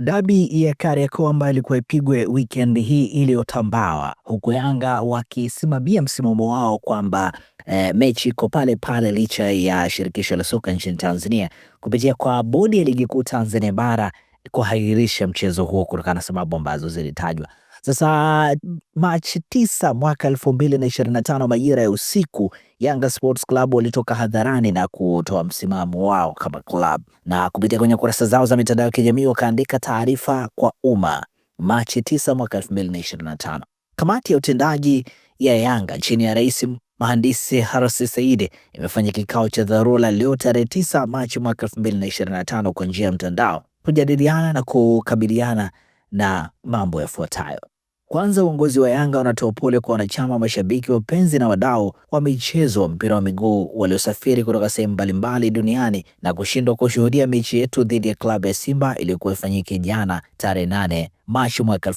Dabi ya Kariakoo ambayo ilikuwa ipigwe wikendi hii iliyotambawa huku Yanga wakisimamia msimamo wao kwamba e, mechi iko pale pale, licha ya shirikisho la soka nchini Tanzania kupitia kwa bodi ya ligi kuu Tanzania bara kuahirisha mchezo huo kutokana na sababu ambazo zilitajwa. Sasa Machi tisa mwaka elfu mbili na ishirini na tano majira ya usiku, Yanga Sports Club walitoka hadharani na kutoa msimamo wao kama club, na kupitia kwenye kurasa zao za mitandao ya kijamii wakaandika taarifa kwa umma, Machi tisa mwaka elfu mbili na ishirini na tano kamati ya utendaji ya Yanga chini ya rais Mhandisi Harasi Saidi imefanya kikao cha dharura leo tarehe tisa Machi mwaka elfu mbili na na ishirini tano kwa njia ya mtandao kujadiliana na kukabiliana na mambo yafuatayo. Kwanza uongozi wa Yanga unatoa pole kwa wanachama, mashabiki, wapenzi na wadau wa michezo wa mpira wa miguu waliosafiri kutoka sehemu mbalimbali duniani na kushindwa kushuhudia mechi yetu dhidi ya klabu ya Simba iliyokuwa ifanyike jana tarehe nane Machi mwaka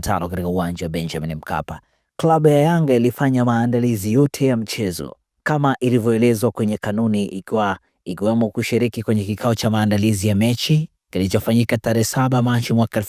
tano katika uwanja wa Benjamin Mkapa. Klabu ya Yanga ilifanya maandalizi yote ya mchezo kama ilivyoelezwa kwenye kanuni, ikiwa ikiwemo kushiriki kwenye kikao cha maandalizi ya mechi, kilichofanyika tarehe saba Machi mwaka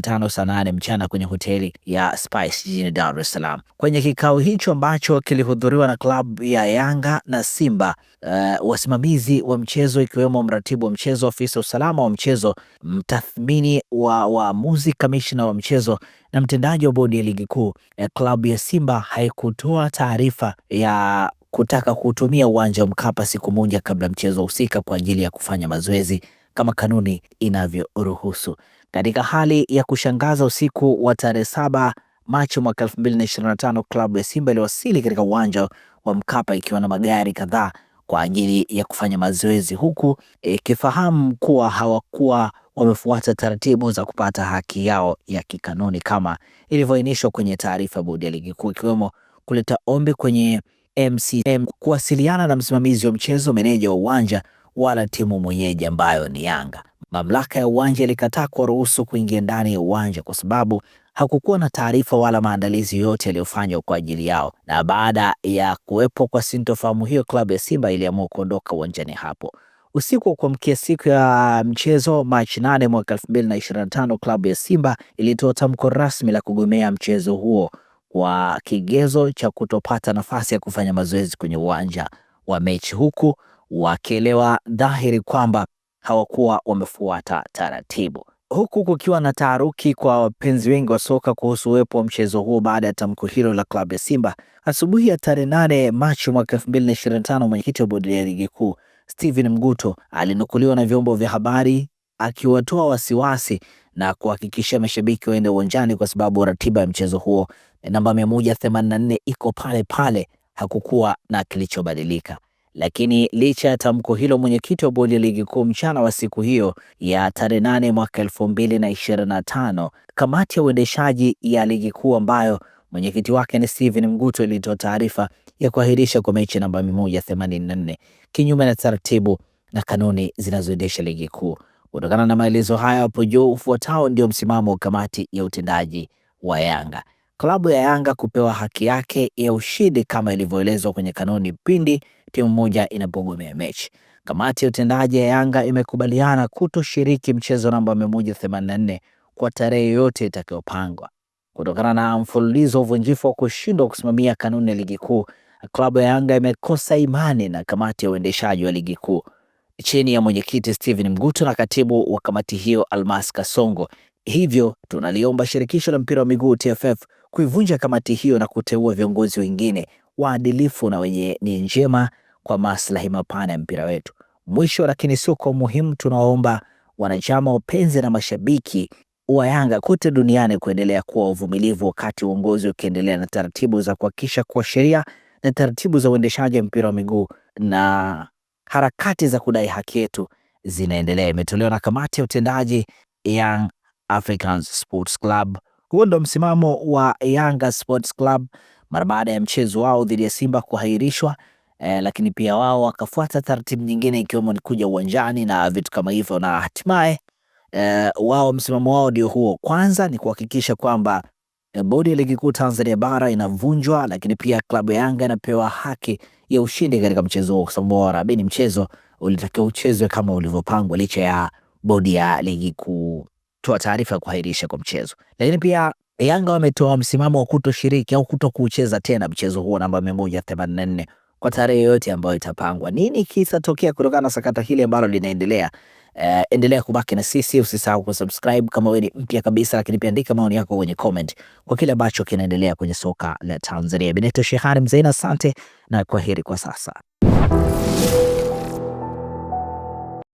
tano saa nane mchana kwenye hoteli ya Spice jijini Dar es Salaam. Kwenye kikao hicho ambacho kilihudhuriwa na klabu ya Yanga na Simba, uh, wasimamizi wa mchezo ikiwemo mratibu wa mchezo, afisa usalama wa mchezo, mtathmini wa waamuzi, kamishna wa mchezo na mtendaji wa bodi ya ligi kuu. Eh, klabu ya Simba haikutoa taarifa ya kutaka kutumia uwanja wa Mkapa siku moja kabla mchezo husika kwa ajili ya kufanya mazoezi kama kanuni inavyoruhusu. Katika hali ya kushangaza, usiku wa tarehe saba Machi mwaka 2025 klabu ya Simba iliwasili katika uwanja wa Mkapa ikiwa na magari kadhaa kwa ajili ya kufanya mazoezi, huku ikifahamu kuwa hawakuwa wamefuata taratibu za kupata haki yao ya kikanuni kama ilivyoainishwa kwenye taarifa ya bodi ya ligi kuu, ikiwemo kuleta ombi kwenye MCM, kuwasiliana na msimamizi wa mchezo, meneja wa uwanja wala timu mwenyeji ambayo ni Yanga. Mamlaka ya uwanja ilikataa kuwaruhusu kuingia ndani ya uwanja kwa sababu hakukuwa na taarifa wala maandalizi yoyote yaliyofanywa kwa ajili yao. Na baada ya kuwepo kwa sintofahamu hiyo, klabu ya Simba iliamua kuondoka uwanjani hapo. Usiku wa kuamkia siku ya mchezo Machi 8 mwaka 2025, klabu ya Simba ilitoa tamko rasmi la kugomea mchezo huo kwa kigezo cha kutopata nafasi ya kufanya mazoezi kwenye uwanja wa mechi huku wakielewa dhahiri kwamba hawakuwa wamefuata taratibu, huku kukiwa na taharuki kwa wapenzi wengi wa soka kuhusu uwepo wa mchezo huo baada ya tamko hilo la klabu ya Simba. Asubuhi ya tarehe nane Machi mwaka 2025, mwenyekiti wa bodi ya ligi kuu Steven Mguto alinukuliwa na vyombo vya habari akiwatoa wasiwasi na kuhakikisha mashabiki waende uwanjani kwa sababu ratiba ya mchezo huo eh, namba 184 iko pale pale, hakukuwa na kilichobadilika. Lakini licha ya tamko hilo, mwenyekiti wa bodi ya ligi kuu mchana wa siku hiyo ya tarehe nane mwaka elfu mbili na ishirini na tano kamati ya uendeshaji ya ligi kuu ambayo mwenyekiti wake ni Steven Mguto ilitoa taarifa ya kuahirisha kwa mechi namba nne kinyume na taratibu na kanuni zinazoendesha ligi kuu. Kutokana na maelezo hayo hapo juu, ufuatao ndio msimamo wa kamati ya utendaji wa Yanga klabu ya Yanga kupewa haki yake ya ushindi kama ilivyoelezwa kwenye kanuni pindi timu moja inapogomea mechi. Kamati ya utendaji ya Yanga imekubaliana kutoshiriki mchezo namba 184 kwa tarehe yoyote itakayopangwa kutokana na mfululizo wa uvunjifu wa kushindwa kusimamia kanuni ya ligi kuu. Klabu ya Yanga imekosa imani na kamati ya uendeshaji wa ligi kuu chini ya mwenyekiti Steven Mguto na katibu wa kamati hiyo Almas Kasongo. Hivyo tunaliomba shirikisho la mpira wa miguu TFF kuivunja kamati hiyo na kuteua viongozi wengine waadilifu na wenye nia njema kwa maslahi mapana ya mpira wetu. Mwisho lakini sio kwa umuhimu, tunaomba wanachama, wapenzi na mashabiki wa Yanga kote duniani kuendelea kuwa uvumilivu wakati uongozi ukiendelea na taratibu za kuhakikisha kuwa sheria na taratibu za uendeshaji wa mpira wa miguu na harakati za kudai haki yetu zinaendelea. Imetolewa na kamati ya utendaji Young Africans Sports Club. Huo ndo msimamo wa Yanga Sports Club mara baada ya mchezo wao dhidi ya Simba kuahirishwa. Eh, lakini pia wao wakafuata taratibu nyingine ikiwemo ni kuja uwanjani na vitu kama hivyo, na hatimaye eh, wao msimamo wao ndio huo. Kwanza ni kuhakikisha kwamba eh, bodi ya ligi kuu Tanzania bara inavunjwa, lakini pia klabu ya Yanga inapewa haki ya ushindi katika mchezo huo, kwa sababu warabi ni mchezo ulitakiwa uchezwe kama ulivyopangwa licha ya bodi ya ligi kuu kutoa taarifa ya kuahirisha kwa mchezo. Lakini pia Yanga wametoa msimamo wa kutoshiriki au kuto kucheza tena mchezo huo namba 184 kwa tarehe yoyote ambayo itapangwa. Nini kisatokea kutokana na sakata hili ambalo linaendelea? Uh, endelea kubaki na sisi, usisahau kusubscribe kama wewe ni mpya kabisa, lakini pia andika maoni yako kwenye comment kwa kile ambacho kinaendelea kwenye soka la Tanzania. Benito Shehani Mzeina, asante na kwaheri kwa sasa.